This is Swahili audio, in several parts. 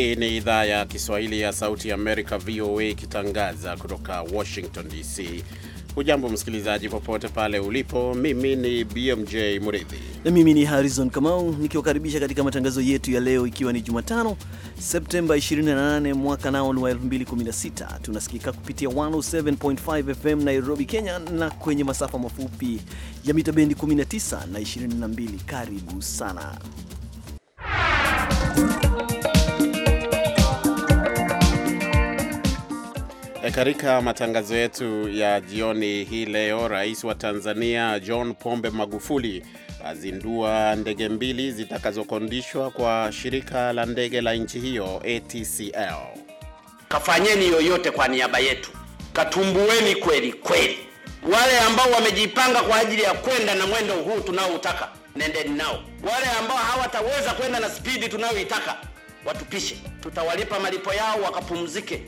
Hii ni idhaa ya Kiswahili ya Sauti ya Amerika, VOA, ikitangaza kutoka Washington DC. Hujambo msikilizaji, popote pale ulipo. Mimi ni BMJ mridhi na mimi ni Harrison Kamau nikiwakaribisha katika matangazo yetu ya leo, ikiwa ni Jumatano Septemba 28 mwaka nao ni wa 2016. Tunasikika kupitia 107.5 FM Nairobi, Kenya, na kwenye masafa mafupi ya mita bendi 19 na 22. Karibu sana E, katika matangazo yetu ya jioni hii leo, rais wa Tanzania John Pombe Magufuli azindua ndege mbili zitakazokondishwa kwa shirika la ndege la nchi hiyo ATCL. Kafanyeni yoyote kwa niaba yetu, katumbueni kweli kweli. Wale ambao wamejipanga kwa ajili ya kwenda na mwendo huu tunaoutaka, nendeni nao. Wale ambao hawataweza kwenda na spidi tunayoitaka, watupishe, tutawalipa malipo yao wakapumzike.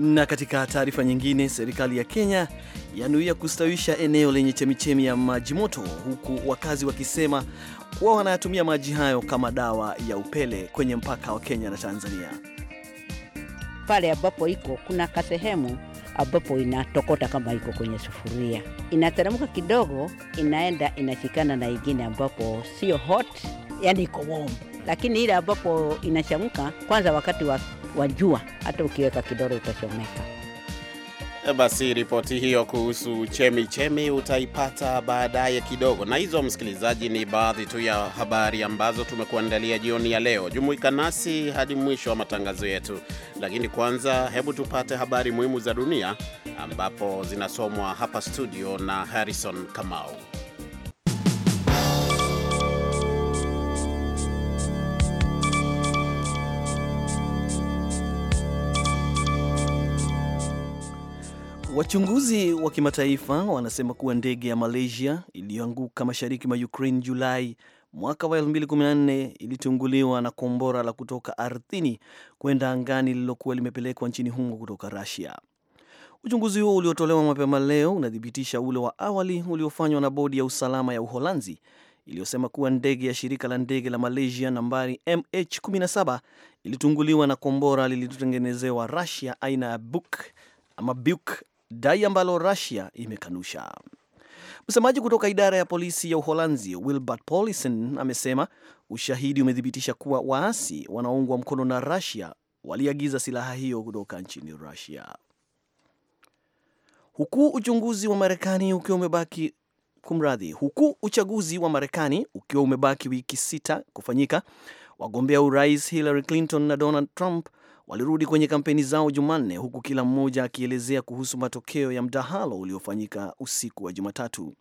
Na katika taarifa nyingine, serikali ya Kenya yanuia kustawisha eneo lenye chemichemi ya maji moto, huku wakazi wakisema kuwa wanayatumia maji hayo kama dawa ya upele kwenye mpaka wa Kenya na Tanzania. Pale ambapo iko kuna kasehemu ambapo inatokota kama iko kwenye sufuria, inateremka kidogo, inaenda inashikana na ingine ambapo sio hot, yani iko warm, lakini ile ambapo inachamka kwanza wakati wa wajua hata ukiweka kidoro utachomeka. Eh, basi ripoti hiyo kuhusu chemi chemi utaipata baadaye kidogo. Na hizo, msikilizaji, ni baadhi tu ya habari ambazo tumekuandalia jioni ya leo. Jumuika nasi hadi mwisho wa matangazo yetu, lakini kwanza, hebu tupate habari muhimu za dunia ambapo zinasomwa hapa studio na Harrison Kamau. Wachunguzi wa kimataifa wanasema kuwa ndege ya Malaysia iliyoanguka mashariki mwa Ukraine Julai mwaka wa 2014 ilitunguliwa na kombora la kutoka ardhini kwenda angani lililokuwa limepelekwa nchini humo kutoka Russia. Uchunguzi huo uliotolewa mapema leo unathibitisha ule wa awali uliofanywa na bodi ya usalama ya Uholanzi iliyosema kuwa ndege ya shirika la ndege la Malaysia nambari MH17 ilitunguliwa na kombora lililotengenezewa Russia aina ya Buk ama Buk dai ambalo Russia imekanusha. Msemaji kutoka idara ya polisi ya Uholanzi, Wilbert Paulison, amesema ushahidi umethibitisha kuwa waasi wanaoungwa mkono na Russia waliagiza silaha hiyo kutoka nchini Russia. Huku uchunguzi wa Marekani ukiwa umebaki kumradhi, huku uchaguzi wa Marekani ukiwa umebaki wiki sita kufanyika, wagombea urais Hillary Clinton na Donald Trump walirudi kwenye kampeni zao Jumanne, huku kila mmoja akielezea kuhusu matokeo ya mdahalo uliofanyika usiku wa Jumatatu.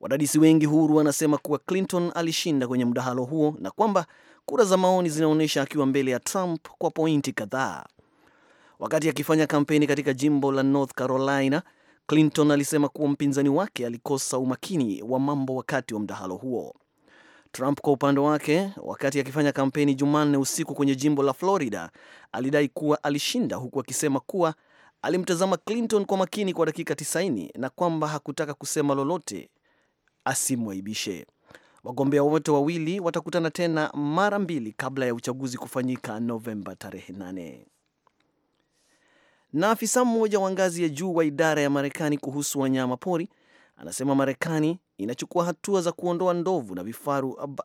Wadadisi wengi huru wanasema kuwa Clinton alishinda kwenye mdahalo huo na kwamba kura za maoni zinaonyesha akiwa mbele ya Trump kwa pointi kadhaa. Wakati akifanya kampeni katika jimbo la North Carolina, Clinton alisema kuwa mpinzani wake alikosa umakini wa mambo wakati wa mdahalo huo. Trump kwa upande wake, wakati akifanya kampeni Jumanne usiku kwenye jimbo la Florida, alidai kuwa alishinda, huku akisema kuwa alimtazama Clinton kwa makini kwa dakika 90 na kwamba hakutaka kusema lolote asimwaibishe. Wagombea wote wawili watakutana tena mara mbili kabla ya uchaguzi kufanyika Novemba tarehe 8. Na afisa mmoja wa ngazi ya juu wa idara ya Marekani kuhusu wanyama pori anasema Marekani inachukua hatua za kuondoa ndovu na vifaru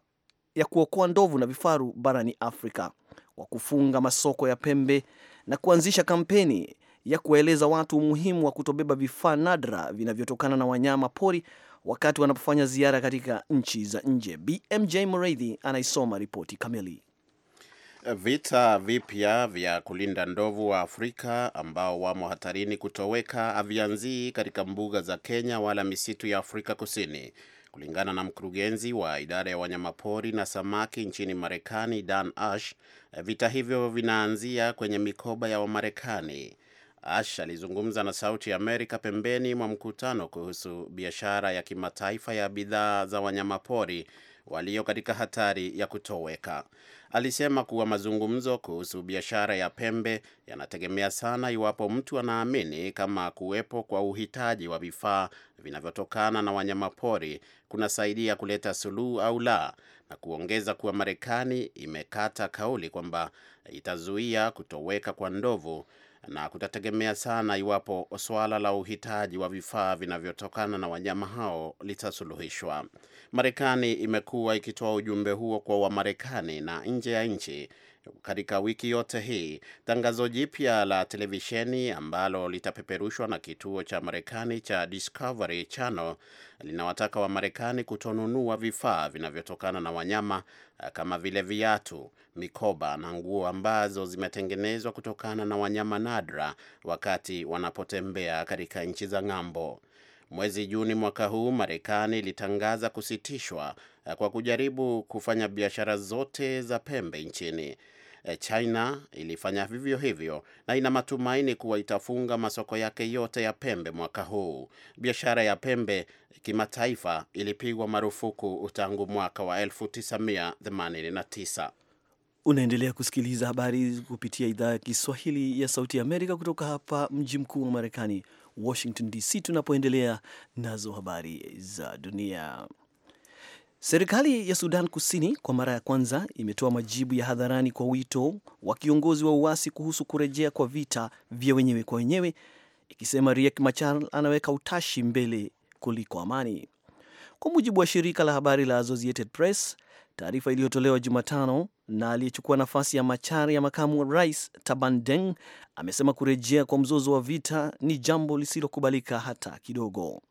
ya kuokoa ndovu na vifaru barani Afrika kwa kufunga masoko ya pembe na kuanzisha kampeni ya kuwaeleza watu umuhimu wa kutobeba vifaa nadra vinavyotokana na wanyama pori wakati wanapofanya ziara katika nchi za nje. BMJ Mreithi anaisoma ripoti kamili vita vipya vya kulinda ndovu wa Afrika ambao wamo hatarini kutoweka havianzii katika mbuga za Kenya wala misitu ya Afrika Kusini, kulingana na mkurugenzi wa idara ya wanyamapori na samaki nchini Marekani, Dan Ash. Vita hivyo vinaanzia kwenye mikoba ya Wamarekani. Ash alizungumza na Sauti Amerika pembeni mwa mkutano kuhusu biashara ya kimataifa ya bidhaa za wanyamapori walio katika hatari ya kutoweka. Alisema kuwa mazungumzo kuhusu biashara ya pembe yanategemea sana iwapo mtu anaamini kama kuwepo kwa uhitaji wa vifaa vinavyotokana na wanyamapori kunasaidia kuleta suluhu au la, na kuongeza kuwa Marekani imekata kauli kwamba itazuia kutoweka kwa ndovu na kutategemea sana iwapo suala la uhitaji wa vifaa vinavyotokana na wanyama hao litasuluhishwa. Marekani imekuwa ikitoa ujumbe huo kwa Wamarekani na nje ya nchi katika wiki yote hii. Tangazo jipya la televisheni ambalo litapeperushwa na kituo cha Marekani cha Discovery Channel linawataka Wamarekani kutonunua vifaa vinavyotokana na wanyama eh, kama vile viatu, mikoba na nguo ambazo zimetengenezwa kutokana na wanyama nadra wakati wanapotembea katika nchi za ng'ambo. Mwezi Juni mwaka huu Marekani ilitangaza kusitishwa eh, kwa kujaribu kufanya biashara zote za pembe nchini. Eh, China ilifanya vivyo hivyo na ina matumaini kuwa itafunga masoko yake yote ya pembe mwaka huu. Biashara ya pembe kimataifa ilipigwa marufuku tangu mwaka wa 1989. Unaendelea kusikiliza habari kupitia idhaa ya Kiswahili ya Sauti ya Amerika kutoka hapa mji mkuu wa Marekani, Washington DC, tunapoendelea nazo habari za dunia. Serikali ya Sudan Kusini kwa mara ya kwanza imetoa majibu ya hadharani kwa wito wa kiongozi wa uasi kuhusu kurejea kwa vita vya wenyewe kwa wenyewe, ikisema Riek Machar anaweka utashi mbele kuliko amani. Kwa mujibu wa shirika la habari la Associated Press, taarifa iliyotolewa Jumatano na aliyechukua nafasi ya Machar ya makamu wa rais Taban Deng amesema kurejea kwa mzozo wa vita ni jambo lisilokubalika hata kidogo.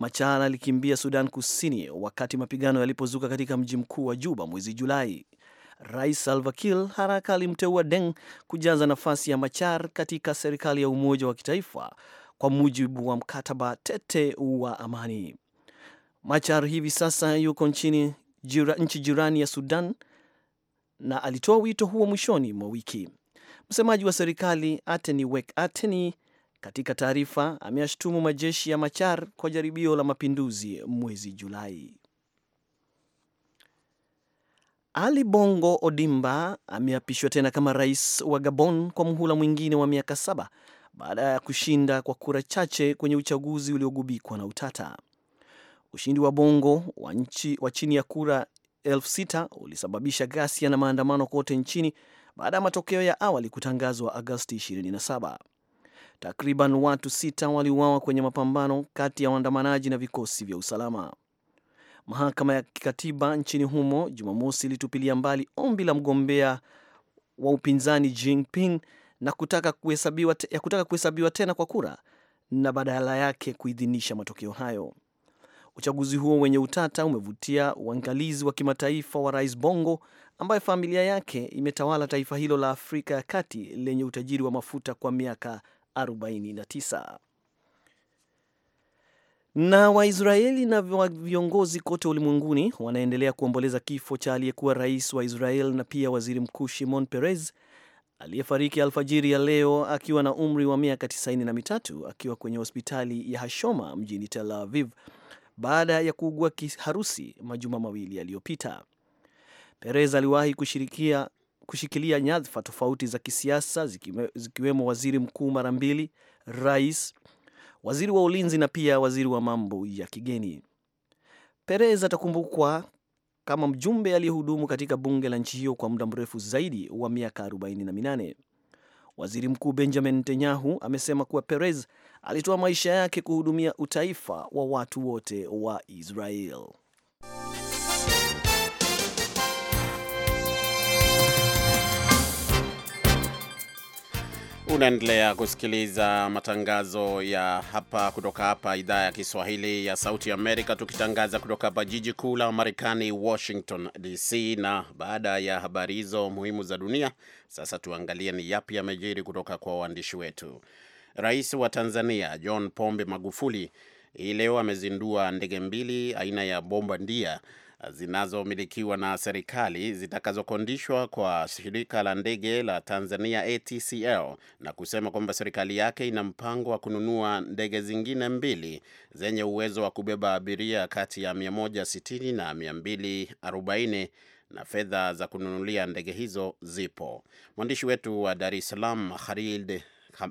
Machar alikimbia Sudan Kusini wakati mapigano yalipozuka katika mji mkuu wa Juba mwezi Julai. Rais Salva Kiir haraka alimteua Deng kujaza nafasi ya Machar katika serikali ya umoja wa kitaifa kwa mujibu wa mkataba tete wa amani. Machar hivi sasa yuko nchini jira, nchi jirani ya Sudan na alitoa wito huo mwishoni mwa wiki. Msemaji wa serikali Ateni Wek Ateni katika taarifa, ameyashutumu majeshi ya Machar kwa jaribio la mapinduzi mwezi Julai. Ali Bongo Odimba ameapishwa tena kama rais wa Gabon kwa muhula mwingine wa miaka saba baada ya kushinda kwa kura chache kwenye uchaguzi uliogubikwa na utata. Ushindi wa Bongo wa nchi wa chini ya kura elfu sita ulisababisha ghasia na maandamano kote nchini baada ya matokeo ya awali kutangazwa Agosti 27. Takriban watu sita waliuawa kwenye mapambano kati ya waandamanaji na vikosi vya usalama. Mahakama ya kikatiba nchini humo Jumamosi ilitupilia mbali ombi la mgombea wa upinzani Jinping na kutaka kuhesabiwa te, ya kutaka kuhesabiwa tena kwa kura na badala yake kuidhinisha matokeo hayo. Uchaguzi huo wenye utata umevutia uangalizi wa kimataifa wa Rais Bongo ambaye familia yake imetawala taifa hilo la Afrika ya Kati lenye utajiri wa mafuta kwa miaka 49 na Waisraeli na viongozi kote ulimwenguni wanaendelea kuomboleza kifo cha aliyekuwa rais wa Israel na pia waziri mkuu Shimon Peres aliyefariki alfajiri ya leo akiwa na umri wa miaka 93 akiwa kwenye hospitali ya Hashoma mjini Tel Aviv baada ya kuugua kiharusi majuma mawili yaliyopita. Peres aliwahi kushirikia kushikilia nyadhifa tofauti za kisiasa zikiwemo waziri mkuu mara mbili, rais, waziri wa ulinzi na pia waziri wa mambo ya kigeni. Perez atakumbukwa kama mjumbe aliyehudumu katika bunge la nchi hiyo kwa muda mrefu zaidi wa miaka 48. Waziri Mkuu Benjamin Netanyahu amesema kuwa Perez alitoa maisha yake kuhudumia utaifa wa watu wote wa Israel. Unaendelea kusikiliza matangazo ya hapa kutoka hapa idhaa ya Kiswahili ya Sauti Amerika, tukitangaza kutoka hapa jiji kuu la Marekani, Washington DC. Na baada ya habari hizo muhimu za dunia, sasa tuangalie ni yapi yamejiri kutoka kwa waandishi wetu. Rais wa Tanzania John Pombe Magufuli hii leo amezindua ndege mbili aina ya bomba ndia zinazomilikiwa na serikali zitakazokondishwa kwa shirika la ndege la Tanzania ATCL na kusema kwamba serikali yake ina mpango wa kununua ndege zingine mbili zenye uwezo wa kubeba abiria kati ya 160 na 240 na fedha za kununulia ndege hizo zipo. Mwandishi wetu wa Dar es Salaam Khalid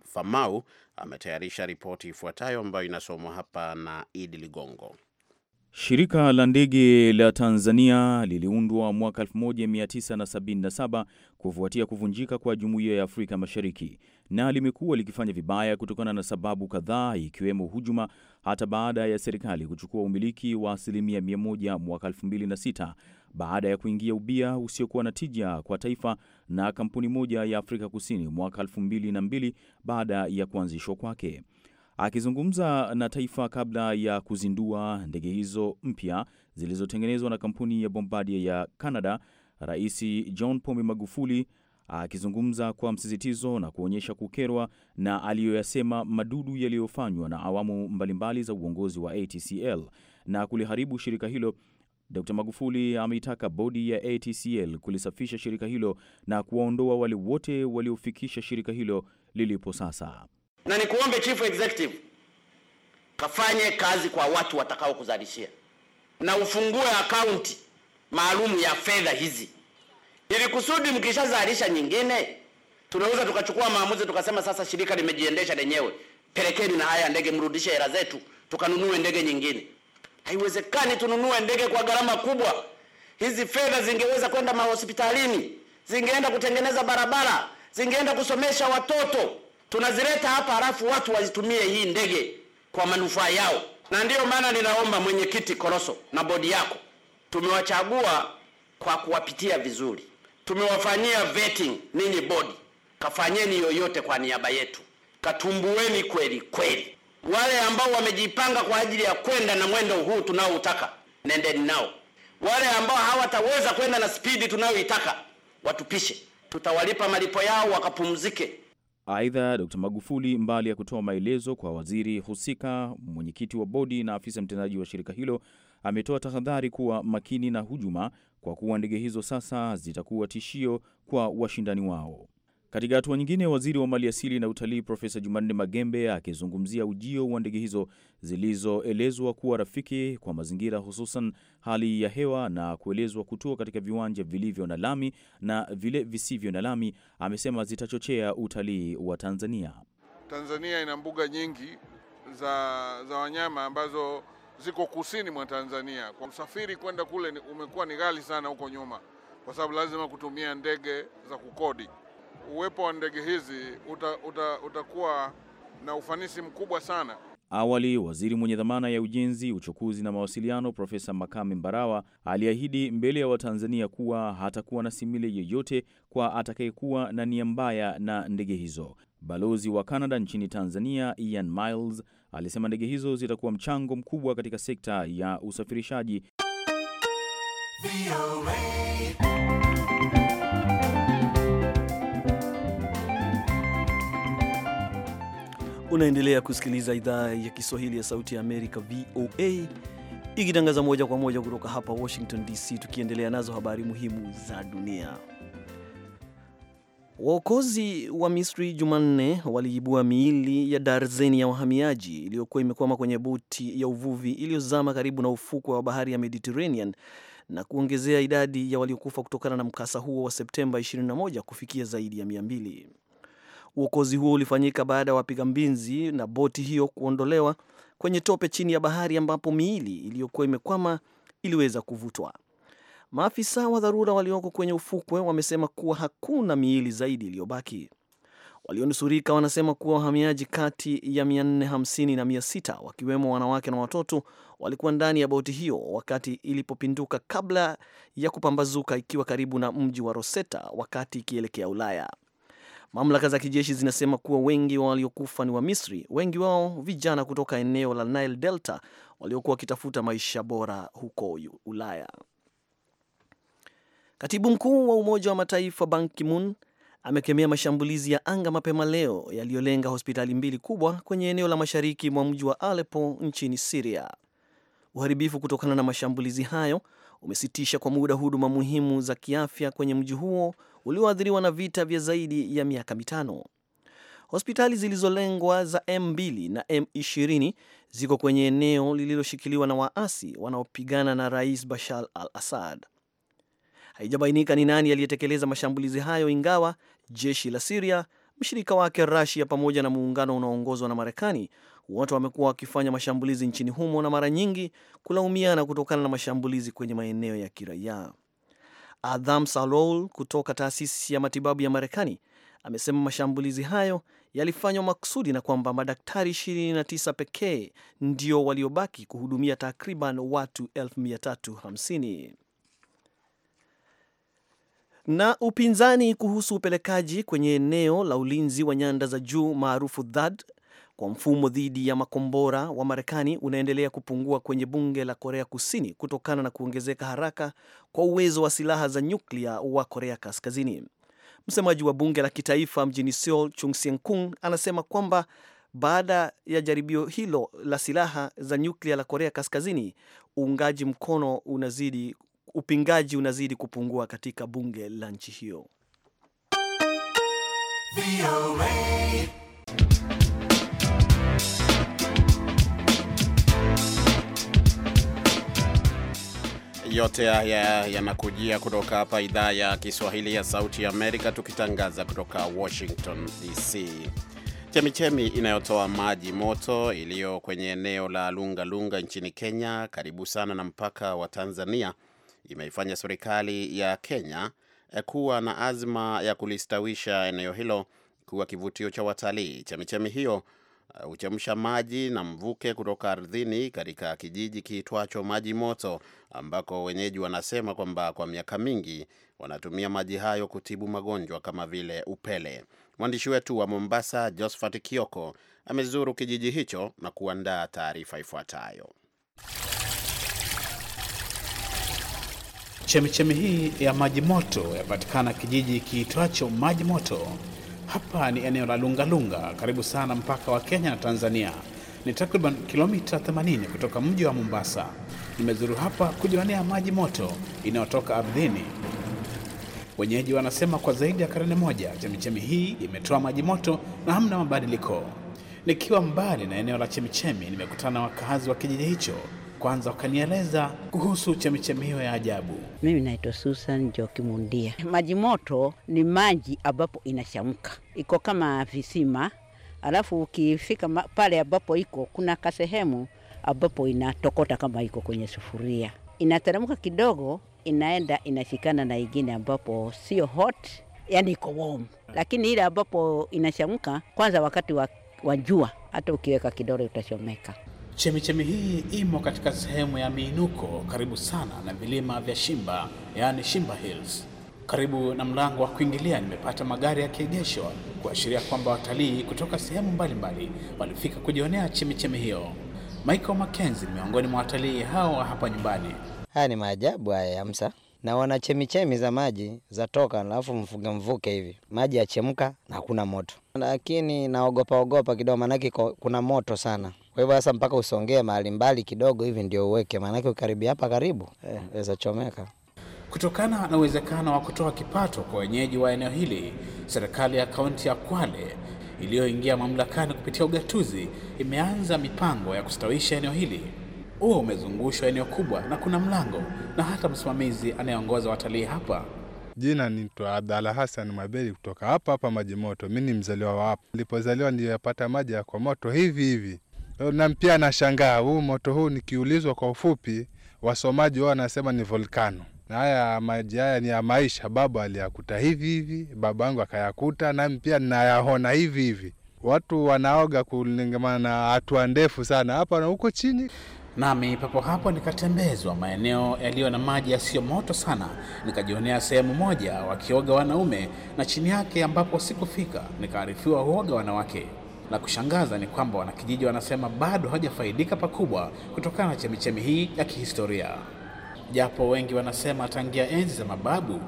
Famau ametayarisha ripoti ifuatayo ambayo inasomwa hapa na Idi Ligongo. Shirika la ndege la Tanzania liliundwa mwaka 1977 kufuatia kuvunjika kwa Jumuiya ya Afrika Mashariki na limekuwa likifanya vibaya kutokana na sababu kadhaa ikiwemo hujuma, hata baada ya serikali kuchukua umiliki wa asilimia 100 mwaka 2006 baada ya kuingia ubia usiokuwa na tija kwa taifa na kampuni moja ya Afrika Kusini mwaka 2002 baada ya kuanzishwa kwake. Akizungumza na taifa kabla ya kuzindua ndege hizo mpya zilizotengenezwa na kampuni ya Bombardier ya Canada, Rais John Pombe Magufuli akizungumza kwa msisitizo na kuonyesha kukerwa na aliyoyasema madudu yaliyofanywa na awamu mbalimbali za uongozi wa ATCL na kuliharibu shirika hilo. Dkt. Magufuli ameitaka bodi ya ATCL kulisafisha shirika hilo na kuwaondoa wale wote waliofikisha shirika hilo lilipo sasa na nikuombe chief executive, kafanye kazi kwa watu watakao kuzalishia na ufungue akaunti maalum ya fedha hizi, ili kusudi mkishazalisha nyingine, tunaweza tukachukua maamuzi tukasema, sasa shirika limejiendesha lenyewe, pelekeni na haya ndege, mrudishe hela zetu, tukanunue ndege nyingine. Haiwezekani tununue ndege kwa gharama kubwa. Hizi fedha zingeweza kwenda mahospitalini, zingeenda kutengeneza barabara, zingeenda kusomesha watoto tunazileta hapa, halafu watu wazitumie hii ndege kwa manufaa yao. Na ndiyo maana ninaomba mwenyekiti koroso na bodi yako, tumewachagua kwa kuwapitia vizuri, tumewafanyia vetting. Ninyi bodi, kafanyeni yoyote kwa niaba yetu, katumbueni kweli kweli. Wale ambao wamejipanga kwa ajili ya kwenda na mwendo huu tunaoutaka, nendeni nao. Wale ambao hawataweza kwenda na spidi tunayoitaka, watupishe, tutawalipa malipo yao wakapumzike. Aidha, d Magufuli, mbali ya kutoa maelezo kwa waziri husika, mwenyekiti wa bodi na afisa mtendaji wa shirika hilo, ametoa tahadhari kuwa makini na hujuma, kwa kuwa ndege hizo sasa zitakuwa tishio kwa washindani wao. Katika hatua nyingine, waziri wa maliasili na utalii Profesa Jumanne Magembe akizungumzia ujio wa ndege hizo zilizoelezwa kuwa rafiki kwa mazingira, hususan hali ya hewa na kuelezwa kutua katika viwanja vilivyo na lami na vile visivyo na lami, amesema zitachochea utalii wa Tanzania. Tanzania ina mbuga nyingi za, za wanyama ambazo ziko kusini mwa Tanzania. Kwa usafiri kwenda kule umekuwa ni ghali sana huko nyuma, kwa sababu lazima kutumia ndege za kukodi uwepo wa ndege hizi uta, uta, utakuwa na ufanisi mkubwa sana. Awali waziri mwenye dhamana ya ujenzi, uchukuzi na mawasiliano Profesa Makame Mbarawa aliahidi mbele ya Watanzania kuwa hatakuwa na simile yeyote kwa atakayekuwa na nia mbaya na ndege hizo. Balozi wa Canada nchini Tanzania Ian Miles alisema ndege hizo zitakuwa mchango mkubwa katika sekta ya usafirishaji. Unaendelea kusikiliza idhaa ya Kiswahili ya Sauti ya Amerika, VOA, ikitangaza moja kwa moja kutoka hapa Washington DC, tukiendelea nazo habari muhimu za dunia. Waokozi wa Misri Jumanne waliibua miili ya darzeni ya wahamiaji iliyokuwa imekwama kwenye boti ya uvuvi iliyozama karibu na ufukwe wa bahari ya Mediterranean na kuongezea idadi ya waliokufa kutokana na mkasa huo wa Septemba 21 kufikia zaidi ya 200. Uokozi huo ulifanyika baada ya wapiga mbinzi na boti hiyo kuondolewa kwenye tope chini ya bahari ambapo miili iliyokuwa imekwama iliweza kuvutwa. Maafisa wa dharura walioko kwenye ufukwe wamesema kuwa hakuna miili zaidi iliyobaki. Walionusurika wanasema kuwa wahamiaji kati ya 450 na 600 wakiwemo wanawake na watoto walikuwa ndani ya boti hiyo wakati ilipopinduka kabla ya kupambazuka ikiwa karibu na mji wa Rosetta wakati ikielekea Ulaya. Mamlaka za kijeshi zinasema kuwa wengi wa waliokufa ni Wamisri, wengi wao vijana kutoka eneo la Nile Delta waliokuwa wakitafuta maisha bora huko Ulaya. Katibu mkuu wa Umoja wa Mataifa Ban Ki-moon amekemea mashambulizi ya anga mapema leo yaliyolenga hospitali mbili kubwa kwenye eneo la mashariki mwa mji wa Aleppo nchini Syria. Uharibifu kutokana na mashambulizi hayo umesitisha kwa muda huduma muhimu za kiafya kwenye mji huo ulioathiriwa na vita vya zaidi ya miaka mitano. Hospitali zilizolengwa za M2 na M20 ziko kwenye eneo lililoshikiliwa na waasi wanaopigana na Rais Bashar al-Assad. Haijabainika ni nani aliyetekeleza mashambulizi hayo, ingawa jeshi la Siria, mshirika wake rasia pamoja na muungano unaoongozwa na Marekani wote wamekuwa wakifanya mashambulizi nchini humo na mara nyingi kulaumiana kutokana na mashambulizi kwenye maeneo ya kiraia. Adham Salol kutoka taasisi ya matibabu ya Marekani amesema mashambulizi hayo yalifanywa makusudi na kwamba madaktari 29 pekee ndio waliobaki kuhudumia takriban watu 350 Na upinzani kuhusu upelekaji kwenye eneo la ulinzi wa nyanda za juu maarufu DHAD kwa mfumo dhidi ya makombora wa Marekani unaendelea kupungua kwenye bunge la Korea Kusini kutokana na kuongezeka haraka kwa uwezo wa silaha za nyuklia wa Korea Kaskazini. Msemaji wa bunge la kitaifa mjini Seoul, Chung Sien Kung, anasema kwamba baada ya jaribio hilo la silaha za nyuklia la Korea Kaskazini, uungaji mkono unazidi, upingaji unazidi kupungua katika bunge la nchi hiyo. yote haya yanakujia kutoka hapa idhaa ya Kiswahili ya Sauti ya Amerika, tukitangaza kutoka Washington DC. Chemichemi inayotoa maji moto iliyo kwenye eneo la Lunga Lunga nchini Kenya, karibu sana na mpaka wa Tanzania, imeifanya serikali ya Kenya eh, kuwa na azma ya kulistawisha eneo hilo kuwa kivutio cha watalii. Chemichemi hiyo Uh, huchemsha maji na mvuke kutoka ardhini katika kijiji kiitwacho Maji Moto, ambako wenyeji wanasema kwamba kwa miaka mingi wanatumia maji hayo kutibu magonjwa kama vile upele. Mwandishi wetu wa Mombasa, Josphat Kioko, amezuru kijiji hicho na kuandaa taarifa ifuatayo. Chemichemi hii ya maji moto yapatikana kijiji kiitwacho Maji Moto hapa ni eneo la Lungalunga, karibu sana mpaka wa Kenya na Tanzania. Ni takriban kilomita 80 kutoka mji wa Mombasa. Nimezuru hapa kujionea maji moto inayotoka ardhini. Wenyeji wanasema kwa zaidi ya karne moja chemichemi hii imetoa maji moto na hamna mabadiliko. Nikiwa mbali na eneo la chemichemi, nimekutana na wakazi wa kijiji hicho kwanza ukanieleza kuhusu chemichemi hiyo ya ajabu. Mimi naitwa Susan jokimundia Maji moto ni maji ambapo inashamka, iko kama visima, alafu ukifika pale ambapo iko kuna kasehemu ambapo inatokota kama iko kwenye sufuria, inateremka kidogo, inaenda inashikana na ingine ambapo sio hot, yani iko warm, lakini ile ambapo inashamka kwanza wakati wa jua, hata ukiweka kidole utachomeka. Chemichemi hii imo katika sehemu ya miinuko karibu sana na vilima vya Shimba, yaani Shimba Hills. Karibu na mlango wa kuingilia nimepata magari yakiegeshwa kuashiria kwamba watalii kutoka sehemu mbalimbali walifika kujionea chemichemi hiyo. Michael Mackenzie ni miongoni mwa watalii hao hapa nyumbani. Haya ni maajabu haya ya Msa, na wana chemichemi za maji za toka alafu mfuge mvuke hivi maji yachemka na hakuna moto, lakini naogopa ogopa kidogo, maanake kuna moto sana. Kwa hivyo sasa mpaka usongee mahali mbali kidogo hivi ndio uweke, maanake ukaribia hapa karibu eh, weza chomeka. Kutokana na uwezekano wa kutoa kipato kwa wenyeji wa eneo hili, serikali ya kaunti ya Kwale iliyoingia mamlakani kupitia ugatuzi imeanza mipango ya kustawisha eneo hili. Huo umezungushwa eneo kubwa na kuna mlango na hata msimamizi anayeongoza watalii hapa. Jina nitwa Abdalla Hassan mwabeli kutoka hapa hapa Maji Moto. Mi ni mzaliwa wa hapa, nilipozaliwa yapata maji ya kwa moto hivi hivi na pia nashangaa huu moto huu, nikiulizwa kwa ufupi, wasomaji wao wanasema ni volkano. Na haya maji haya ni ya maisha, baba aliyakuta hivi hivi, baba yangu akayakuta, nami pia ninayaona hivi hivi. Watu wanaoga kulingamana na hatua ndefu sana hapa na huko chini. Nami papo hapo nikatembezwa maeneo yaliyo na maji yasiyo moto sana, nikajionea sehemu moja wakioga wanaume na chini yake ambapo sikufika nikaarifiwa huoga wanawake. La kushangaza ni kwamba wanakijiji wanasema bado hawajafaidika pakubwa kutokana na chemichemi hii ya kihistoria, japo wengi wanasema tangia enzi za mababu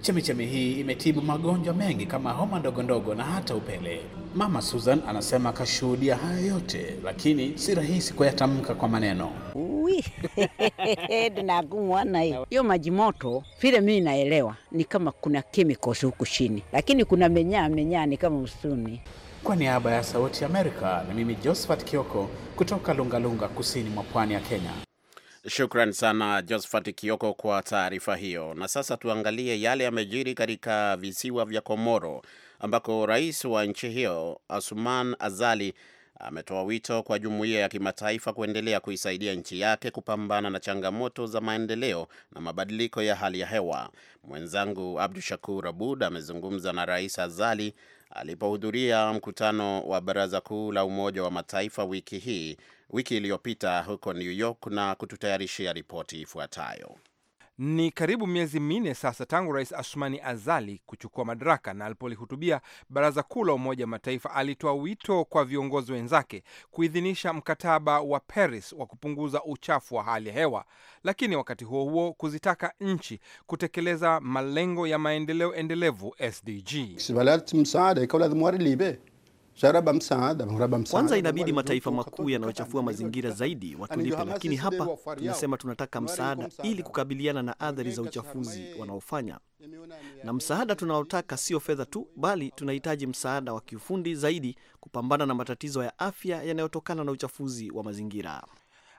chemichemi hii imetibu magonjwa mengi kama homa ndogondogo na hata upele. Mama Susan anasema akashuhudia haya yote, lakini si rahisi kuyatamka kwa maneno. Tunakumwana hiyo hiyo maji moto, vile mimi naelewa ni kama kuna chemicals huku chini, lakini kuna menyaa menyaa, ni kama msuni. Kwa niaba ya Sauti ya Amerika, na mimi Josephat Kioko kutoka Lungalunga, kusini mwa pwani ya Kenya. Shukran sana Josphat Kioko kwa taarifa hiyo. Na sasa tuangalie yale yamejiri katika visiwa vya Komoro ambako rais wa nchi hiyo Asuman Azali ametoa wito kwa jumuiya ya kimataifa kuendelea kuisaidia nchi yake kupambana na changamoto za maendeleo na mabadiliko ya hali ya hewa. Mwenzangu Abdu Shakur Abud amezungumza na Rais Azali alipohudhuria mkutano wa Baraza Kuu la Umoja wa Mataifa wiki hii wiki iliyopita huko New York na kututayarishia ripoti ifuatayo. Ni karibu miezi minne sasa tangu Rais Asmani Azali kuchukua madaraka, na alipolihutubia Baraza Kuu la Umoja wa Mataifa alitoa wito kwa viongozi wenzake kuidhinisha mkataba wa Paris wa kupunguza uchafu wa hali ya hewa, lakini wakati huo huo kuzitaka nchi kutekeleza malengo ya maendeleo endelevu SDG. Kwanza inabidi mataifa makuu yanayochafua mazingira zaidi watulipe, lakini hapa tunasema tunataka msaada ili kukabiliana na athari za uchafuzi wanaofanya. Na msaada tunaotaka sio fedha tu, bali tunahitaji msaada wa kiufundi zaidi kupambana na matatizo ya afya yanayotokana na uchafuzi wa mazingira.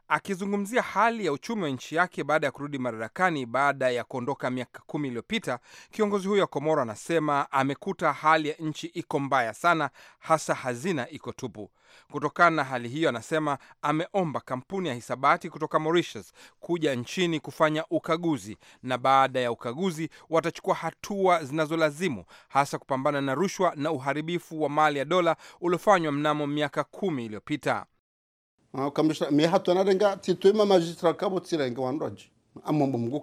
Akizungumzia hali ya uchumi wa nchi yake baada ya kurudi madarakani baada ya kuondoka miaka kumi iliyopita, kiongozi huyo wa Komoro anasema amekuta hali ya nchi iko mbaya sana, hasa hazina iko tupu. Kutokana na hali hiyo, anasema ameomba kampuni ya hisabati kutoka Mauritius kuja nchini kufanya ukaguzi, na baada ya ukaguzi watachukua hatua zinazolazimu, hasa kupambana na rushwa na uharibifu wa mali ya dola uliofanywa mnamo miaka kumi iliyopita magistrat amombo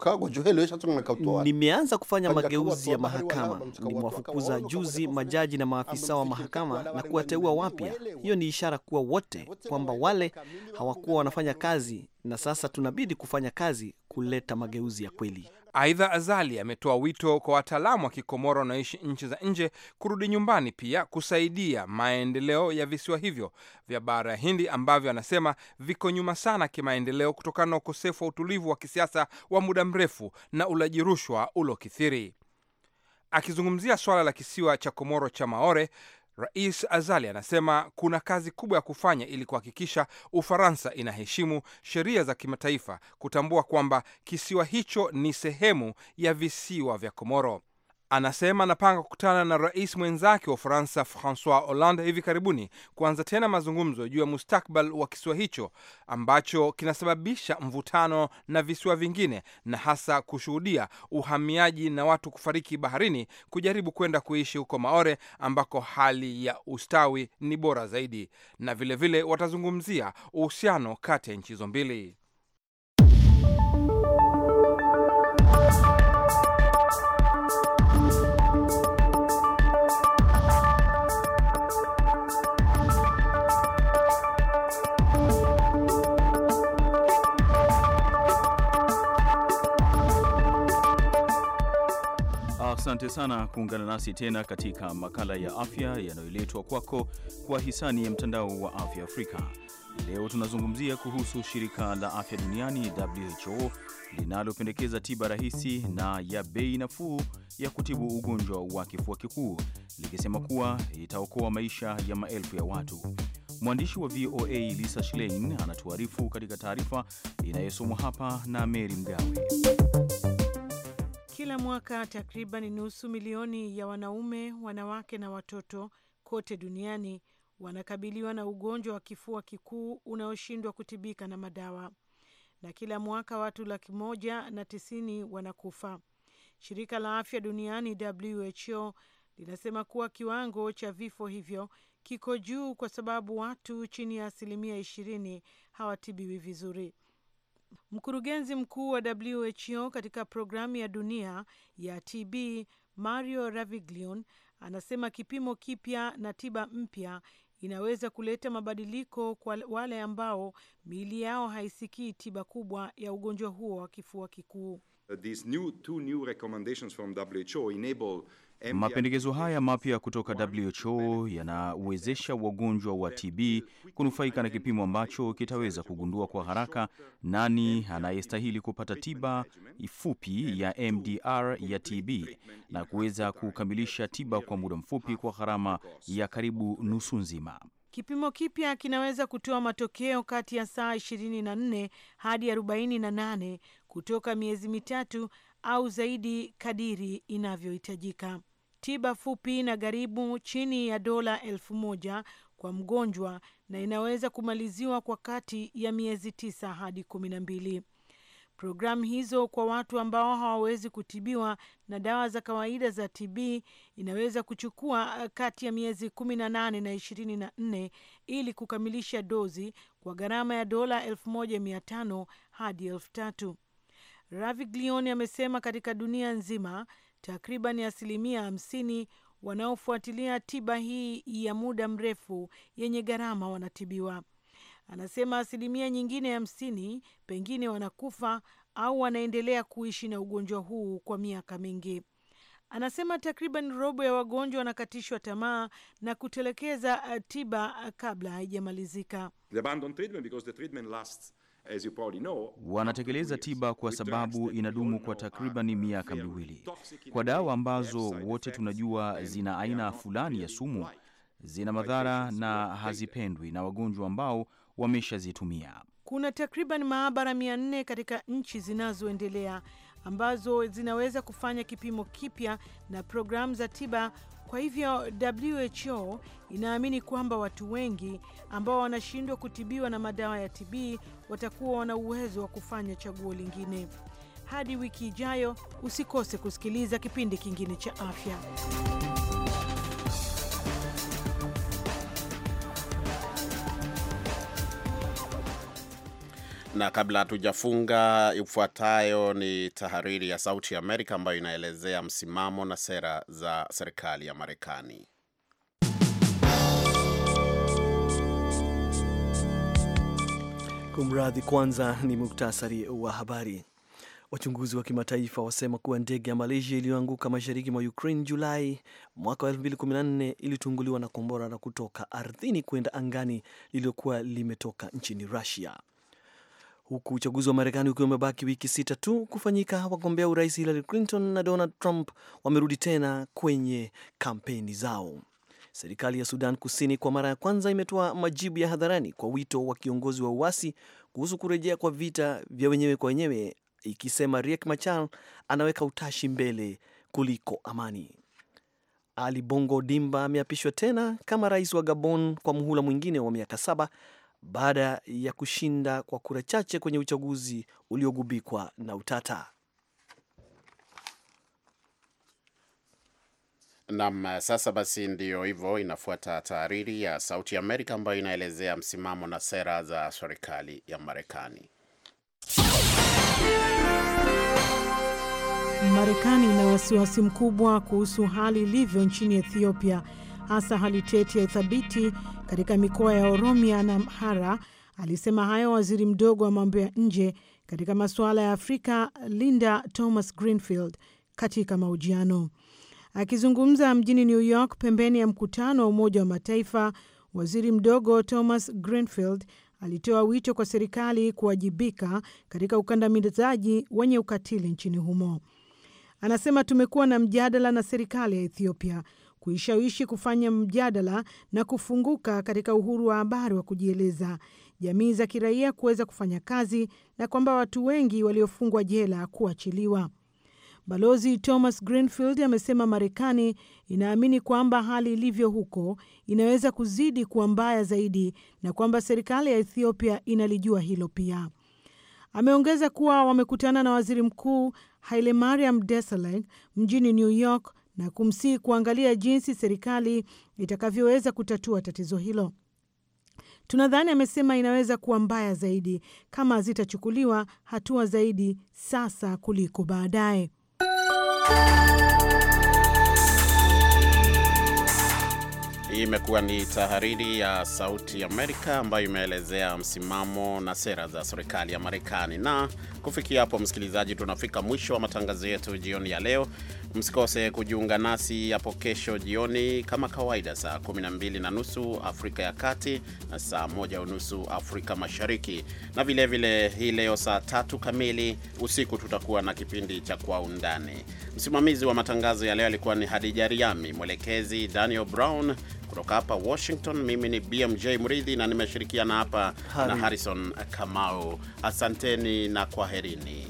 tunga nimeanza kufanya mageuzi ya mahakama nimewafukuza juzi majaji na maafisa wa mahakama na kuwateua wapya hiyo ni ishara kuwa wote kwamba wale hawakuwa wanafanya kazi na sasa tunabidi kufanya kazi kuleta mageuzi ya kweli Aidha, Azali ametoa wito kwa wataalamu wa Kikomoro wanaoishi nchi za nje kurudi nyumbani pia kusaidia maendeleo ya visiwa hivyo vya bahari ya Hindi ambavyo anasema viko nyuma sana kimaendeleo kutokana na ukosefu wa utulivu wa kisiasa wa muda mrefu na ulaji rushwa ulokithiri. Akizungumzia swala la kisiwa cha Komoro cha Maore, Rais Azali anasema kuna kazi kubwa ya kufanya ili kuhakikisha Ufaransa inaheshimu sheria za kimataifa, kutambua kwamba kisiwa hicho ni sehemu ya visiwa vya Komoro anasema anapanga kukutana na rais mwenzake wa Ufaransa Francois Hollande hivi karibuni kuanza tena mazungumzo juu ya mustakbal wa kisiwa hicho ambacho kinasababisha mvutano na visiwa vingine, na hasa kushuhudia uhamiaji na watu kufariki baharini kujaribu kwenda kuishi huko Maore ambako hali ya ustawi ni bora zaidi, na vilevile vile watazungumzia uhusiano kati ya nchi hizo mbili. Asante sana kuungana nasi tena katika makala ya afya yanayoletwa kwako kwa hisani ya mtandao wa afya Afrika. Leo tunazungumzia kuhusu shirika la afya duniani WHO linalopendekeza tiba rahisi na ya bei nafuu ya kutibu ugonjwa wa kifua kikuu, likisema kuwa itaokoa maisha ya maelfu ya watu. Mwandishi wa VOA Lisa Schlein anatuarifu katika taarifa inayosomwa hapa na Mary Mgawe. Kila mwaka takriban nusu milioni ya wanaume, wanawake na watoto kote duniani wanakabiliwa na ugonjwa wa kifua kikuu unaoshindwa kutibika na madawa, na kila mwaka watu laki moja na tisini wanakufa. Shirika la afya duniani WHO linasema kuwa kiwango cha vifo hivyo kiko juu kwa sababu watu chini ya asilimia ishirini hawatibiwi vizuri. Mkurugenzi mkuu wa WHO katika programu ya dunia ya TB Mario Raviglione anasema kipimo kipya na tiba mpya inaweza kuleta mabadiliko kwa wale ambao miili yao haisikii tiba kubwa ya ugonjwa huo wa kifua kikuu. Uh, Mapendekezo haya mapya kutoka WHO yanawezesha wagonjwa wa TB kunufaika na kipimo ambacho kitaweza kugundua kwa haraka nani anayestahili kupata tiba fupi ya MDR ya TB na kuweza kukamilisha tiba kwa muda mfupi kwa gharama ya karibu nusu nzima. Kipimo kipya kinaweza kutoa matokeo kati ya saa 24 hadi 48 kutoka miezi mitatu au zaidi kadiri inavyohitajika. Tiba fupi na gharibu chini ya dola elfu moja kwa mgonjwa na inaweza kumaliziwa kwa kati ya miezi tisa hadi kumi na mbili. Programu hizo kwa watu ambao hawawezi kutibiwa na dawa za kawaida za TB inaweza kuchukua eh, kati ya miezi kumi na nane na na ishirini nne ili kukamilisha dozi kwa gharama ya dola elfu moja mia tano hadi elfu tatu Raviglione amesema katika dunia nzima takriban asilimia hamsini wanaofuatilia tiba hii ya muda mrefu yenye gharama wanatibiwa. Anasema asilimia nyingine hamsini pengine wanakufa au wanaendelea kuishi na ugonjwa huu kwa miaka mingi. Anasema takriban robo ya wagonjwa wanakatishwa tamaa na kutelekeza eh, tiba eh, kabla haijamalizika. Wanatekeleza tiba kwa sababu inadumu kwa takribani miaka miwili. Kwa dawa ambazo wote tunajua zina aina fulani ya sumu, zina madhara na hazipendwi na wagonjwa ambao wameshazitumia. Kuna takriban maabara m4 katika nchi zinazoendelea ambazo zinaweza kufanya kipimo kipya na programu za tiba. Kwa hivyo WHO inaamini kwamba watu wengi ambao wanashindwa kutibiwa na madawa ya TB watakuwa wana uwezo wa kufanya chaguo lingine. Hadi wiki ijayo, usikose kusikiliza kipindi kingine cha afya. na kabla hatujafunga, ifuatayo ni tahariri ya Sauti ya Amerika ambayo inaelezea msimamo na sera za serikali ya Marekani. Kumradhi, kwanza ni muktasari wa habari. Wachunguzi wa kimataifa wasema kuwa ndege ya Malaysia iliyoanguka mashariki mwa Ukraine Julai mwaka wa 2014 ilitunguliwa na kombora na kutoka ardhini kwenda angani lililokuwa limetoka nchini Russia huku uchaguzi wa Marekani ukiwa umebaki wiki sita tu kufanyika. Wagombea urais Hillary Clinton na Donald Trump wamerudi tena kwenye kampeni zao. Serikali ya Sudan Kusini kwa mara ya kwanza imetoa majibu ya hadharani kwa wito wa kiongozi wa uasi kuhusu kurejea kwa vita vya wenyewe kwa wenyewe, ikisema Riek Machar anaweka utashi mbele kuliko amani. Ali Bongo Dimba ameapishwa tena kama rais wa Gabon kwa muhula mwingine wa miaka saba baada ya kushinda kwa kura chache kwenye uchaguzi uliogubikwa na utata. Nam, sasa basi, ndiyo hivyo. Inafuata tahariri ya Sauti Amerika ambayo inaelezea msimamo na sera za serikali ya Marekani. Marekani ina wasiwasi mkubwa kuhusu hali ilivyo nchini Ethiopia hasa hali tete ya thabiti katika mikoa ya Oromia na Amhara. Alisema hayo waziri mdogo wa mambo ya nje katika masuala ya Afrika Linda Thomas Greenfield katika mahojiano. Akizungumza mjini New York pembeni ya mkutano wa Umoja wa Mataifa, waziri mdogo Thomas Greenfield alitoa wito kwa serikali kuwajibika katika ukandamizaji wenye ukatili nchini humo. Anasema tumekuwa na mjadala na serikali ya Ethiopia kuishawishi kufanya mjadala na kufunguka katika uhuru wa habari wa kujieleza, jamii za kiraia kuweza kufanya kazi na kwamba watu wengi waliofungwa jela kuachiliwa. Balozi Thomas Greenfield amesema Marekani inaamini kwamba hali ilivyo huko inaweza kuzidi kuwa mbaya zaidi na kwamba serikali ya Ethiopia inalijua hilo pia. Ameongeza kuwa wamekutana na waziri mkuu Hailemariam Desalegn mjini New York na kumsihi kuangalia jinsi serikali itakavyoweza kutatua tatizo hilo. Tunadhani, amesema, inaweza kuwa mbaya zaidi kama hazitachukuliwa hatua zaidi sasa kuliko baadaye. Hii imekuwa ni tahariri ya Sauti Amerika ambayo imeelezea msimamo na sera za serikali ya Marekani. Na kufikia hapo, msikilizaji, tunafika mwisho wa matangazo yetu jioni ya leo. Msikose kujiunga nasi hapo kesho jioni kama kawaida, saa 12 na nusu Afrika ya Kati na saa 1 unusu Afrika Mashariki, na vilevile hii leo saa tatu kamili usiku tutakuwa na kipindi cha Kwa Undani. Msimamizi wa matangazo ya leo alikuwa ni Hadija Riami, mwelekezi Daniel Brown. Kutoka hapa Washington, mimi ni BMJ Mridhi na nimeshirikiana hapa Harry na Harrison Kamau. Asanteni na kwaherini.